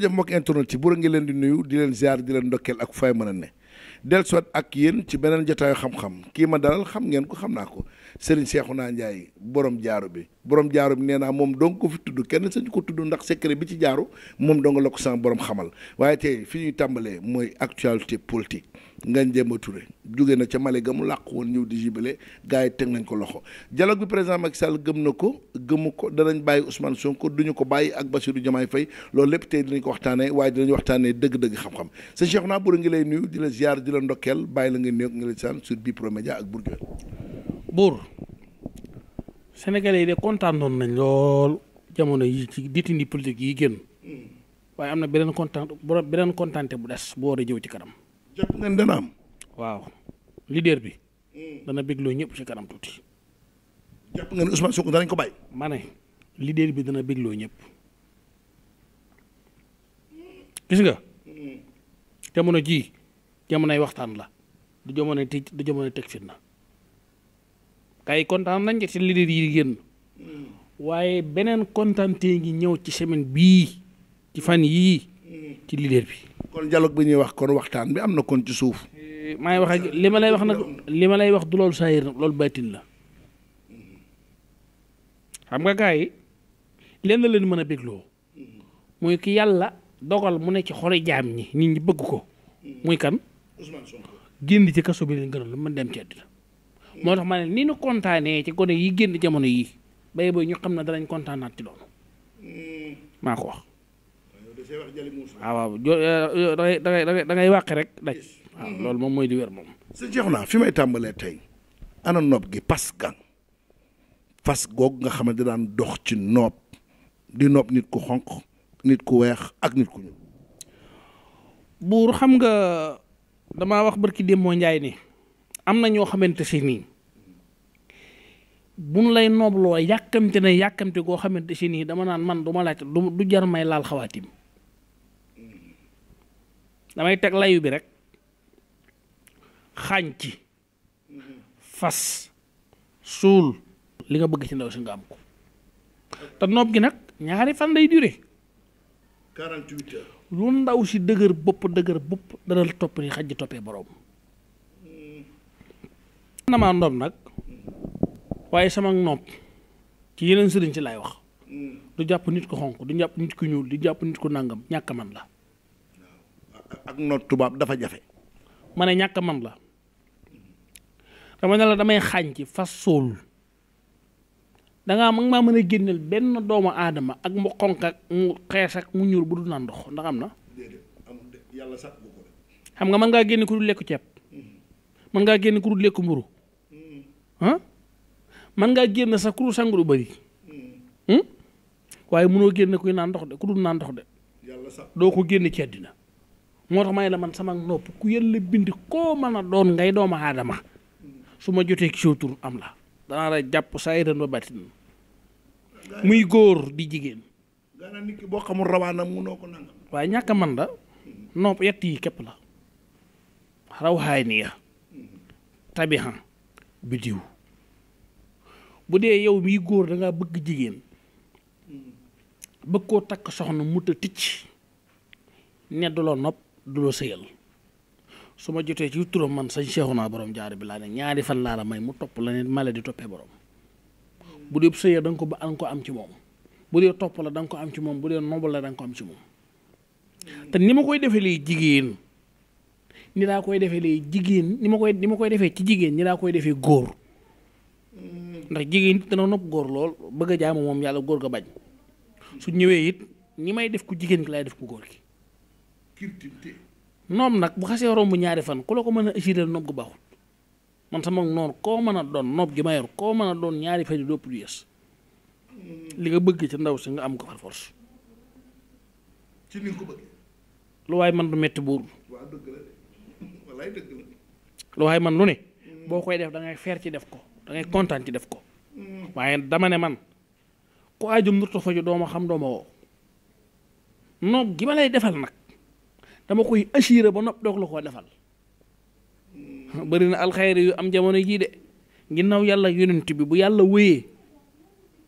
jërëjëf mbokk internet ci bu ngi leen di nuyu di leen ziar di leen ndokkeel ak fay mën a ne del soit ak yéen ci beneen jotaayu xam-xam kii ma dalal xam ngeen ko xam naa ko Serigne naa Ndiaye borom jaaru bi borom jaaru bi nee naa moom dong ko fi tudd kenn sañu ko tudd ndax secret bi ci jaaru moom dong la ko sama borom xamal waaye tey fi ñuy tàmbalee mooy actualité politique Ngagne Demba Touré jóge na ca Mali ga mu làq woon ñëw di jibale gars yi teg nañ ko loxo dialogue bi président Macky Sall gëm na ko gëmu ko danañ bàyyi Ousmane Sonko duñu ko bàyyi ak Bassirou jamaay Faye loolu lépp tey dinañ ko waxtaanee waaye dinañ waxtaanee dëgg-dëgg xam-xam sëñ Cheikh naa Buur ngi lay nuyu di la ziar di la ndokkeel bàyyi la nga néew nga la saan sur Bprod Média ak Bour Gueweul. Bour Sénégalais yi de kontaanoon nañ lool jamono yi ci détenu politique yi génn hmm. waaye am na beneen kontaan beneen kontaante bu des bu a jëw ci kanam jàpp ngeen dana am. waaw lider bi. dana bégloo ñëpp ci kanam tuuti. jàpp ngeen ko bàyyi. ma ne bi dana bégloo ñëpp. gis nga. jamono ji jamonoy waxtaan la du jamonoy tij du jamonoy teg fitna kay kontaan nañ ci leader yi génn waaye beneen kontaante ngi ñëw ci semaine bii ci fan yii ci leader bi kon dialogue bi ñuy wax kon waxtaan bi am na kon ci suuf. Eh, maa ngi wax ak li ma lay wax nag li ma lay wax du loolu saayir loolu baytin la xam nga gars yi lenn leen mën a bégloo muy ki yàlla dogal mu ne ci xoli jaam ñi nit ñi bëgg ko muy kan génn ci kaso bi leen gënal lu mën dem ci àddina moo tax ma ne ni ñu kontaanee ci gone yi génn jamono yii bay booy ñu xam ne danañ kontaanaat ci loolu hmm. maa ko wax Ah, waaw waaw eh, eh, dangay da ngay rek daj. Ah, loolu moom mooy di wér moom. sëñ naa fi may tàmbalee tey ana nopp gi pas gan fas googu nga xam ne daan dox ci nopp di nopp nit ku xonq nit ku weex ak nit ku ñuul. buur xam nga dama wax barki démboo njaay ni am na ñoo xamante si nii bu buñ lay noobloo yàkkamte ne yàkkamte goo xamante si nii dama naan man du ma laaj du jar may laal xawaatim damay teg layu bi rek xaañ ci fas suul li nga bëgg ci ndaw si nga am ko te noob gi nag ñaari fan lay duré. lu ndaw si dëgër bopp dëgër bopp dana topp ni xaj ji toppee borom. na maa nag waaye sama nopp ci yeneen sëriñ ci laay wax mm. du jàpp nit ko xonq du jàpp nit ku ñuul du jàpp nit ku nàngam ñàkk man la ak noot tubaab dafa jafe. ma ne ñàkk man la dama ne la damay xaañ ci fas suul dangaa mag ma mën a génneel benn doomu aadama ak mu xonq mu xees ak mu ñuul bu dul naan ndox ndax am na. yàlla sax xam nga mën ngaa génn ku dul lekku ceeb mm-hmm. mën ngaa génn ku dul lekku mburu mm-hmm. ah mën ngaa génn sax ku dul sangu lu bëri mm-hmm. hmm? waaye munoo génn kuy naan ndox de ku du naan ndox de doo ko génn ci àddina moo tax ma ne la man sama nopp ku yàlla bind koo mën a doon ngay doomu aadama su ma jotee ci tur am la dana la jàpp saa yi ba batin muy góor di jigéen. gannaaw nit ki ko nangam. waaye ñàkk man la nopp yett yi képp la rawhaaniya tabiha bidiw bu dee yow miy góor da bëgg jigéen bëgg koo takk soxna mu ta ticc ne la nopp du la sëyal su ma jotee ci turam man sañ seexu naa borom jaari bi laa ne ñaari fan laa la may mu topp la ne mala di toppee borom bu dee sëyal da ko ba an ko am ci moom bu dee topp la da ko am ci moom bu dee nobal la da nga ko am ci moom te ni ma koy defee lay jigéen ni laa koy defee lay jigéen ni ma koy ni ma koy defee ci jigéen ni laa koy defee góor ndax jigéen it dana nopp góor lool bëgg a jaamu moom yàlla góor ga bañ su ñëwee it ni may def ku jigéen ki laay def ku góor ki noom nag bu xasee romb ñaari fan ku la ko mën a assuré noob gu baaxul man sama noonu koo mën a doon noob gi ma koo mën doon ñaari fan yi doo nga bëgg ci ndaw si nga am ko far force. ci lu waaye buur. waaw man lu ne. Mm. boo koy def da ngay feer ci def ko da ngay kontaan ci def ko. Mm. waaye dama ne man ku aajum doo ma xam doo defal nag. dama koy assuré ba nopp doog la koo defal bëri na alxayri yu am jamono jii de ginnaaw yàlla yonent bi bu yàlla wéyee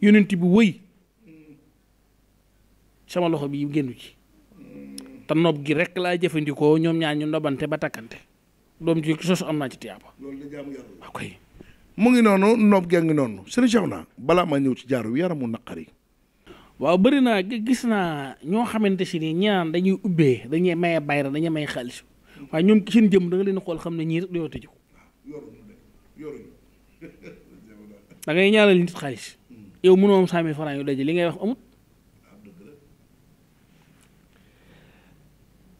yonent bi wéy sama loxo bi génnu ci te nopp gi rek laa jëfandikoo ñoom ñaar ñu nobante ba takkante doom ci sos am naa ci tiyaaba mu ngi noonu nopp gaa ngi noonu sëriñ Cheikh naa balaa ma ñëw ci jaaru yaramu naqari waaw bari naa gis naa ñoo xamante si ni ñaan dañuy ubbee dañuy maye bayra dañuy maye xaalis waaye ñoom seen jëm da leen xool xam ne ñii dañoo tëju da ngay ñaanal nit xaalis yow mënoo am cent mille yu daje li ngay wax amut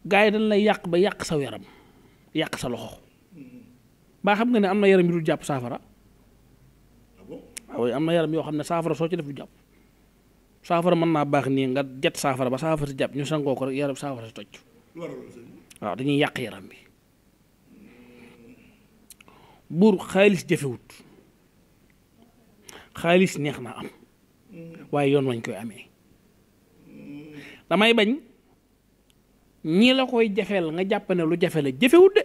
gars yi dañ lay yàq ba yàq sa yaram yàq sa loxo baa xam nga ne am na yaram yu dul jàpp saafara waaw ah ah am na yaram yoo xam ne saafara soo ci def du jàpp saafara mën naa baax nii nga jet saafara ba saafara si jàpp ñu sangoo ko rek yaram saafara si toj waaw dañuy yàq yaram bi buur xaalis jafewut xaalis neex naa am waaye yoon wañ koy amee damay bañ ñii la koy jafeel nga jàpp ne lu jafe la jafewut de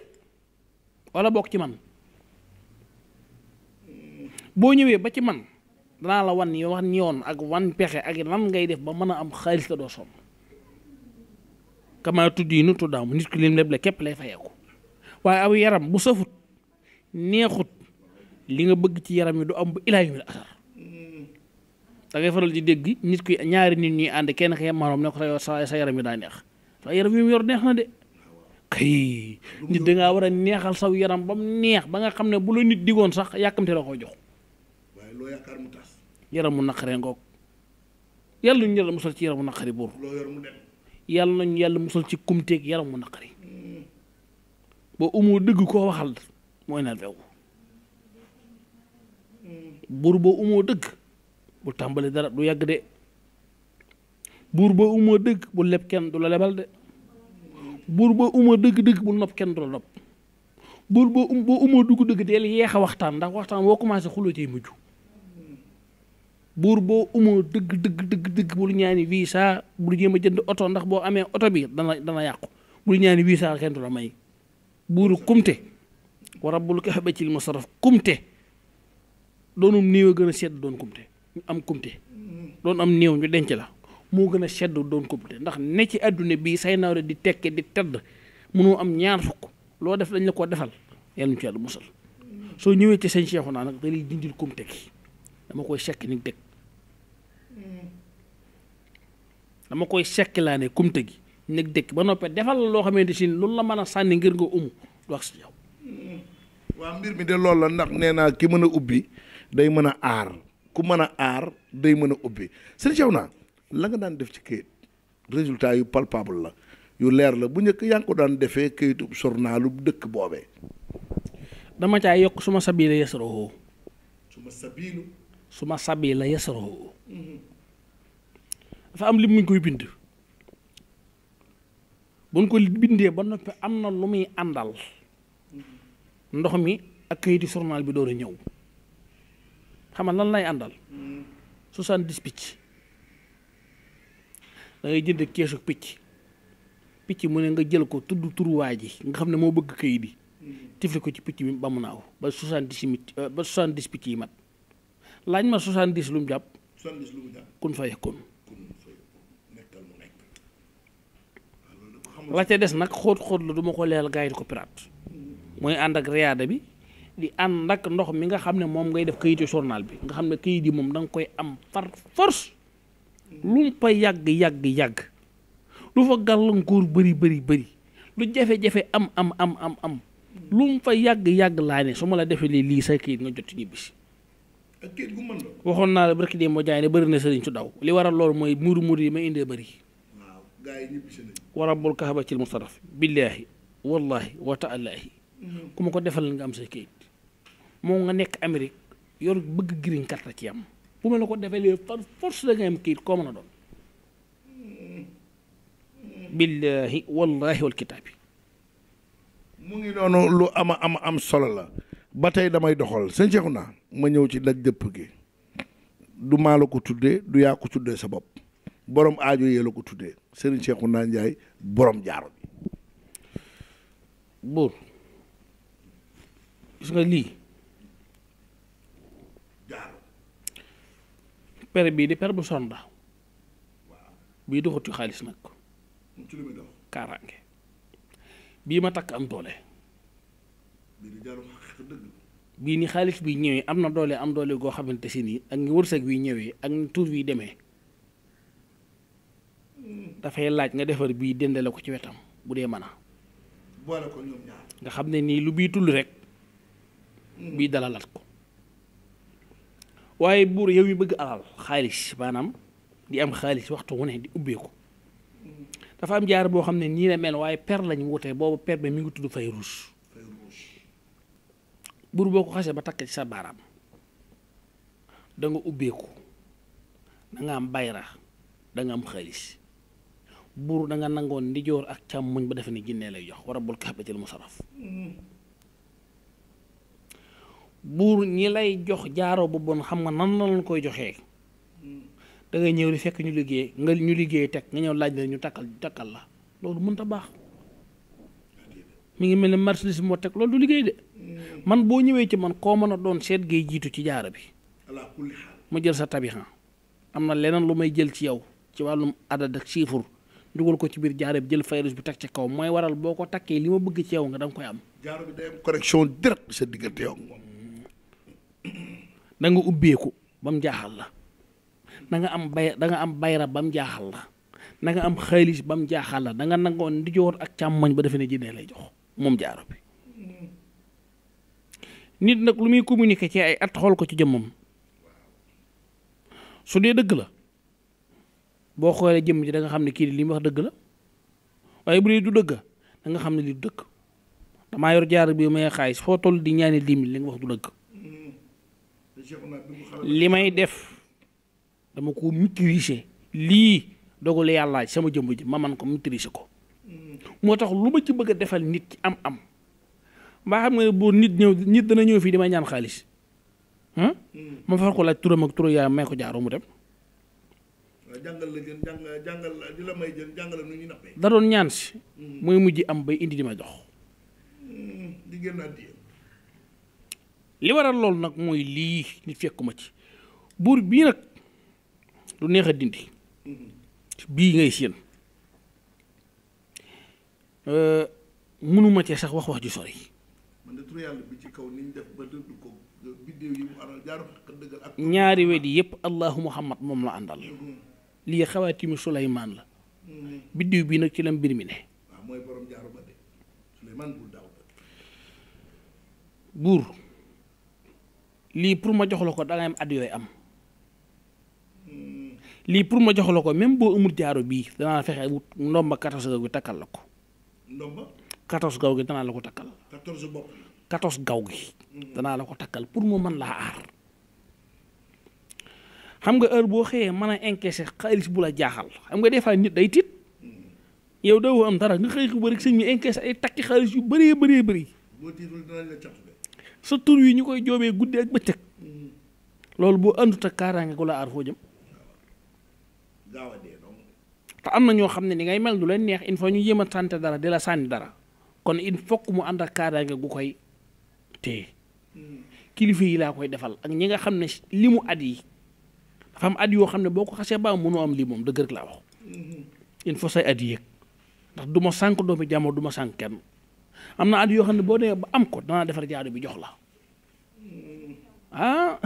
wala bokk ci man boo ñëwee ba ci man danaa la wan yoo wan woon ak wan pexe ak lan ngay def ba mën a am xaalis te doo sonn kama tudd yi nu tuddaamu nit ki lim leble képp lay fayeeku waaye aw yaram bu safut neexut li nga bëgg ci yaram yi du am bu ilaa yu asar da ngay faral di dégg nit ki ñaari nit ñuy ànd kenn xëy moroom ne ko sa sa yaram yi daa neex sa yaram yi mu yor neex na de kay nit dangaa war a neexal saw yaram ba mu neex ba nga xam ne bu la nit digoon sax yàkkamte la ko jox loo yaakaar mu tas. yaramu naqaree ngoog yàlla nañu yàlla musal ci yaramu naqari buur. loo yor mu dem. yàlla nañu yàlla ci kumteeg yaramu naqari. Mm. ba umu dëgg koo waxal mooy na dew. Mm. buur boo umoo dëgg bu tàmbali dara du yàgg de buur boo umoo dëgg bu leb kenn du la lebal de buur boo umoo dëgg-dëgg bu nopp kenn du la nopp buur boo um boo umoo dugg dëgg deel yeex a waxtaan ndax waxtaan woo commencé xuloo cay mujj buur boo umoo dëgg dëgg dëgg dëgg bul ñaani visa bul jéem a jënd oto ndax boo amee oto bi dana dana yàqu bul ñaani visa kenn du la may buuru kumte wa rabbul kaaba cil masaraf kumte doonum néew a gën a sedd doon kumte ñu am kumte doon am néew ñu denc la moo gën a sedd doon kumte ndax ne ci àdduna bii say nawle di tekke di tedd mënoo am ñaar fukk loo def dañ la ko defal yàlla ñu ci yàlla musal soo ñëwee ci sëñ Cheikhouna nag da lay dindil kumte dama koy sekk ni Mm. dama koy sekkilaane kumte gi nekk dëkk ba noppee defal la loo xamante si loolu la mën a sànni ngir nga umu wax si yow. Mm. waaw mbir mi de loolu la ndax nee naa ki mën a ubbi day mën a aar ku mën a aar day mën a ubbi sëñ Cheikh naa la nga daan def ci kayit résultat yu palpable la yu leer la bu njëkk yaa ngi ko daan defee kayitu journalu dëkk boobee. dama caa yokk suma sabiila yasrahu suma sabiilu suma sabiila yasrahu mm-hmm. dafa am lim muñ koy bind buñ ko bindee ba noppi am na lu muy àndal ndox mi ak kayiti journal bi door a ñëw xam lan lay àndal soixante-dix picc da ngay jënd keesu picc picc mu ne nga jël ko tudd turuwaay ji nga xam ne moo bëgg kayit bi tifli ko ci picc bi ba mu naaw ba soixante-dix mit euh, ba soixante picc yi mat laaj ma soixante-dix lu mu jàpp kon fa yakun la ca des nag xóot-xóot la du ma ko leel gars yi di ko pirate mooy ànd ak riyaada bi di ànd ak ndox mi nga xam ne moom ngay def kayitu journal bi nga xam ne kayit yi moom danga koy am far force lu mu fa yàgg yàgg yàgg lu fa gàllankoor bëri bëri bëri lu jafe-jafe am am am am am lu mu yàgg yàgg laa ne su ma la defee lii sa kayit nga jot ñibbi si waxoon naa la barki dee moo jaay ne bëri na sëriñ su daw li waral loolu mooy muur muur yi ma indee bëri. wa rabbul kahaba ci mustadaf billaahi wallaahi wa taalaahi ku ma ko defal nga am say kayit moo nga nekk Amérique yoon bëgg green card ci am bu ma la ko defalee par force da nga am kayit koo mën a doon billaahi wallaahi wal kitaabi mu ngi noonu lu ama ama am solo la ba tey damay doxal sëñ Cheikhouna ma ñëw ci daj dëpp gi du maa la ko tuddee du yaa ko tuddee sa bopp boroom aajo yee la ko tuddee seexu Cheikhouna Ndiaye boroom jaaro bi. buur gis nga lii. pere bii di pere bu sonda. bii doxut ci xaalis nag. kaaraange bii ma takk am doole. bii ni xaalis bii ñëwee am na doole am doole goo xamante si nii ak ni wërsëg wi ñëwee ak ni tuur wi demee. dafay laaj nga defar bii dendale ko ci wetam bu dee mën a. nga xam ne nii lu bii tull rek. Hmm. bii dalalaat ko. waaye buur yow yu bëgg alal xaalis maanaam di am xaalis waxtu wu ne di ubbeeku. Hmm. dafa am jaar boo xam ne nii la mel waaye per lañu wutee boobu per bi mu ngi tudd fay ruus. buur boo ko xasee ba takk ci sa baaraam. danga nga ubbeeku da am bayra danga am xaalis. buur da nga nangoon ndijoor ak càmmuñ ba defe ne jinne lay jox a wa rabbul kaabatil musarraf buur ñi lay jox jaaro bu bon xam nga nan la koy joxee dangay ñëw di fekk ñu liggéey nga ñu liggéey teg nga ñëw laaj la ñu takkal takkal la loolu mënut a baax mu ngi mel ne marchandise moo teg loolu du liggéey de man boo ñëwee ci man koo mën a doon seet ngay jiitu ci jaaro bi mu jël sa tabixa am na leneen lu may jël ci yow ci wàllum adad ak siifur dugal ko ci biir jaaro bi jël fayrus bi teg ci kaw mooy waral boo ko takkee li ma bëgg ci yow nga da koy am. jaaro bi day am sa diggante yow moom. da nga ubbeeku ba jaaxal la danga am bay da am bayra ba mu jaaxal la da nga am xaalis ba mu jaaxal da nga nangoon di joor ak càmmoñ ba defe ne jinne lay jox moom jaaro bi. nit nag lu muy communiquer ci ay at ko ci jëmmam su dee dëgg la. boo xoolee jëmm ji danga xam ne kii li mu wax dëgg la waaye bu dee du dëgg da xam ne li du dëgg damaa yor jaar bi may xaalis foo toll di ñaane dix mille wax du dëgg may def dama ko maîtriser lii dogalu yàllaa sama jëmm ji ma man ko maîtriser ko moo tax lu ma ci bëgg a defal nit ci am am mbaa xam nga ne boo nit ñëw nit dana ñëw fii di may ñaan xaalis mm. ma far ko laaj turam ak turu yaay may ko jaaroo mu dem jàngal la jën jàngal may jën jàngal nu ñuy nappee da doon ñaan si mm. mooy mujj am bay indi di ma dox mm, di li waral loolu nag mooy lii nit fekkuma ci buur bii nag lu neex a dindi mm-hmm. bii ngay séen mënuma cee sax wax wax ju sori ci kaw niñ def ba dëdd ko biddeew yi mu aral ñaari wet yi allahu muhammad moom la àndal mm-hmm. lii xawaatimu Souleymane la biddiw bii nag ci la mbir mi ne. buur lii pour ma jox la ko dangay am at am hmm. lii pour ma jox la ko même boo amul jaaro bii danaa fexe wut ndomba 14 gaw gi takkal la ko. ndomba 14 gaw gi danaa la ko takkal. 14 gaw gi. Hmm. danaa la ko takkal pour mu mën laa aar. xam nga heure boo xëyee man a encaissé xaalis bu la jaaxal xam nga dee fois nit day tiit yow doo am dara nga xëy ko ba rek sëñ bi encaissé ay takki xaalis yu bëree bëree bëri. sa tur yi ñu koy joobee guddi ak bëccëg loolu boo àndut ak kaaraange gu la aar foo jëm te am na ñoo xam ne ni ngay mel du leen neex il faut ñu yéem a sant dara di la sànni dara kon in faut mu ànd ak kaaraange gu koy téye hmm. kilifa yi laa koy defal ak ñi nga xam ne li mu at yi dafa am at yoo xam ne boo ko xasee ba mënoo am lii moom dëgg rek laa wax mm-hmm. il faut say at yéeg ndax du ma sànq doomi jàmm du ma sànq kenn am na at yoo xam ne boo nee ba am ko danaa defar jaadu bi jox la mm-hmm. ah.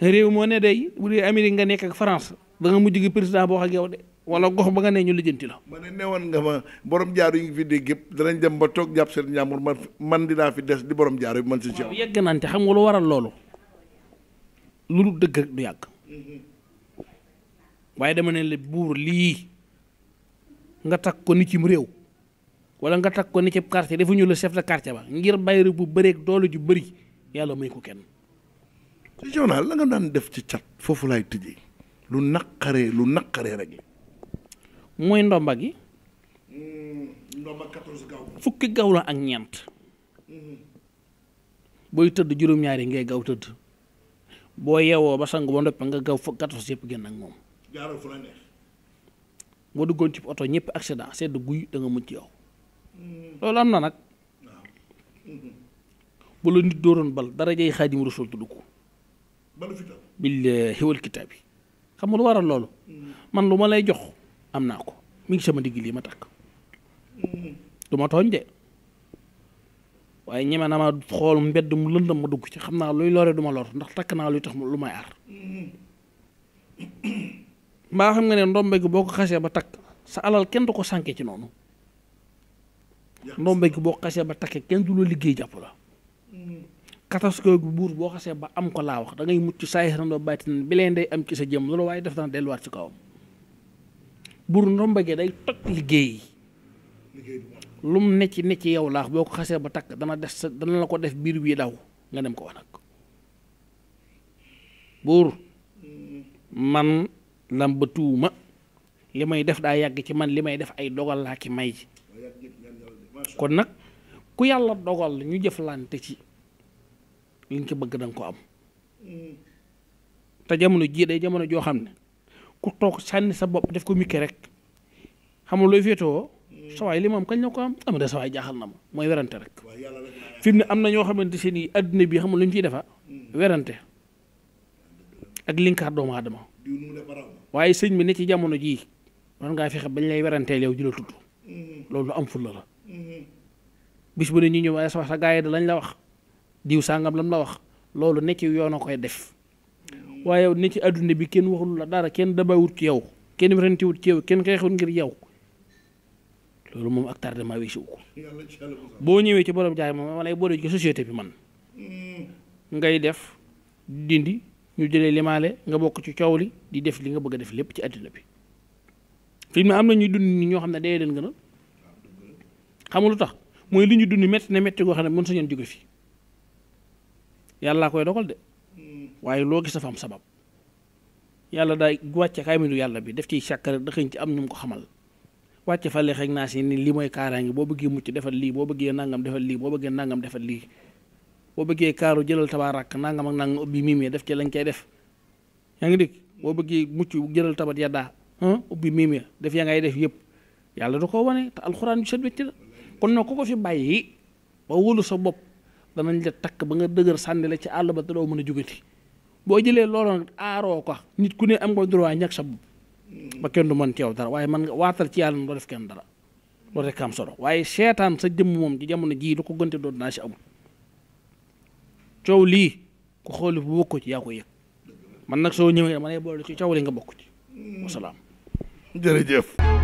réew moo ne day bu dee Amérique nga nekk ak France da mujj gi président boo wax ak de wala gox ba nga ne ñu lijjanti la. ma ne newoon nga borom jaaru yi ngi fi dégg yëpp danañ dem ba toog jàpp seen njàmbur man man dinaa fi des di borom jaaru bi man si. waaw yegg naante xam nga lu waral loolu. lu dul dëgg rek du yàgg waaye dama ne la buur lii nga takk ko ni cim réew wala nga takk ko ni cib quartier defuñu la chef de quartier ba ngir bayre bu bëreeg doole ju bëri yàlla muy ko kenn. ci journal la nga daan def ci cat foofu laay tëjee lu naqaree lu naqaree rek. mooy ndomba gi. Mm, ndomba gaw. fukki gaw la ak ñeent. Mm-hmm. booy tëdd juróom-ñaari ngay gaw tëdd. boo yeewoo ba sangu ba noppi nga gaw fa gatos yëpp génn ak moom. jaaroo fu la neex. duggoon ci oto ñëpp accident sedd guy danga nga ci yow. Hmm. loolu am na nag. bu la nit dooroon bal dara jay xaadim rasul tudd ko. balu fi tam. billaahi wal xam nga lu waral loolu. Hmm. man lu ma lay jox am naa ko mi ngi sama digg lii ma takk. Hmm. du ma tooñ de. waaye ñeme na ma xool mbedd mu lëndam ma dugg ci xam naa luy lore duma ma lor ndax takk naa lu tax lu may aar mbaa xam nga ne ndombe boo ko xasee ba takk sa alal kenn du ko sànke ci noonu ndombe gi boo xasee ba takkee kenn du la liggéey jàpp la catastrophe bu buur boo xasee ba am ko laa wax dangay mucc saay xaran ba bàytin bi leen day am ci sa jëm loolu waaye def daan delluwaat ci kawam buur ndombe gi day toj liggéey lum mu necc necc yow laax boo ko xasee ba takk dana def sa dana la ko def biir bii daw nga dem ko wax nag buur man lambatuuma li may def daa yàgg ci man li may def ay dogal laa ki may ji kon nag ku yàlla dogal ñu jëflante ci liñ ci bëgg danga ko am te jamono jii day jamono joo xam ne ku toog sànni sa bopp def ko mikke rek xamul looy féetewoo sawaay li moom kañ la ko am am de sawaay jaaxal na ma mooy werante rek fi ne am na ñoo xamante seen i adduna bi xamul lu ñu ciy defa werante ak linkaar doomu aadama waaye sëñ bi ne ci jamono jii war ngaa fexe bañ lay weranteel yow ji la tudd am fulla la bis bu ne ñu ñëw waaye sa wax sa gaa yi lañ la wax diw sàngam lam la wax loolu ne ci yoon a koy def waaye ne ci adduna bi kenn waxul la dara kenn dabawut ci yow kenn werantewut ci kenn xeexut ngir yow loolu moom ak tardement weesu wu ko boo ñëwee ci borom jaay moom ma lay boole ci société bi man hmm. ngay def dindi ñu jëlee limaale nga bokk ci coow li di def li nga bëgg def lépp ci àddina bi fi mu am na ñuy dund ni ñoo xam ne day leen gën xamul lu tax mooy lu ñu dund métti na métti goo xam ne mën sañoon jóge fii yàlla koy dogal de hmm. waaye loo gis dafa am sabab yàlla daay wàcce kaay mi yàlla bi def ciy sàkkar daxañ ci am ñu mu ko xamal wàcc fa leex ak naas yi ni lii mooy kaaraange boo bëggee mucc defal lii boo bëggee nangam defal lii boo bëggee nangam defal lii boo bëggee kaaru jëlal tabaarak nangam ak nangam ubbi miimee def ci lañ koy def yaa ngi dégg boo bëggee mucc jëlal tabat yaddaa ubbi miimee def yaa ngay def yëpp yàlla du ko wane te alxuraan yu set wecc la kon nag ku ko fi bàyyi ba wóolu sa bopp danañ la takk ba nga dëgër sànni la ci àll ba te doo mën a jugati boo jëlee loolu aaroo ko nit ku ne am nga droit ñàkk sa ba kenn du mën ci yow dara waaye man nga waatal ci yàlla doo def kenn dara loolu rek am solo waaye seetaan sa jëmm moom ci jamono jii lu ko gënte doon naa si amul coow lii ku xooli bu bokkoo ci yaa ko yëg man nag soo ñëwee ma lay boole ci coow li nga bokk ci wasalaam jërëjëf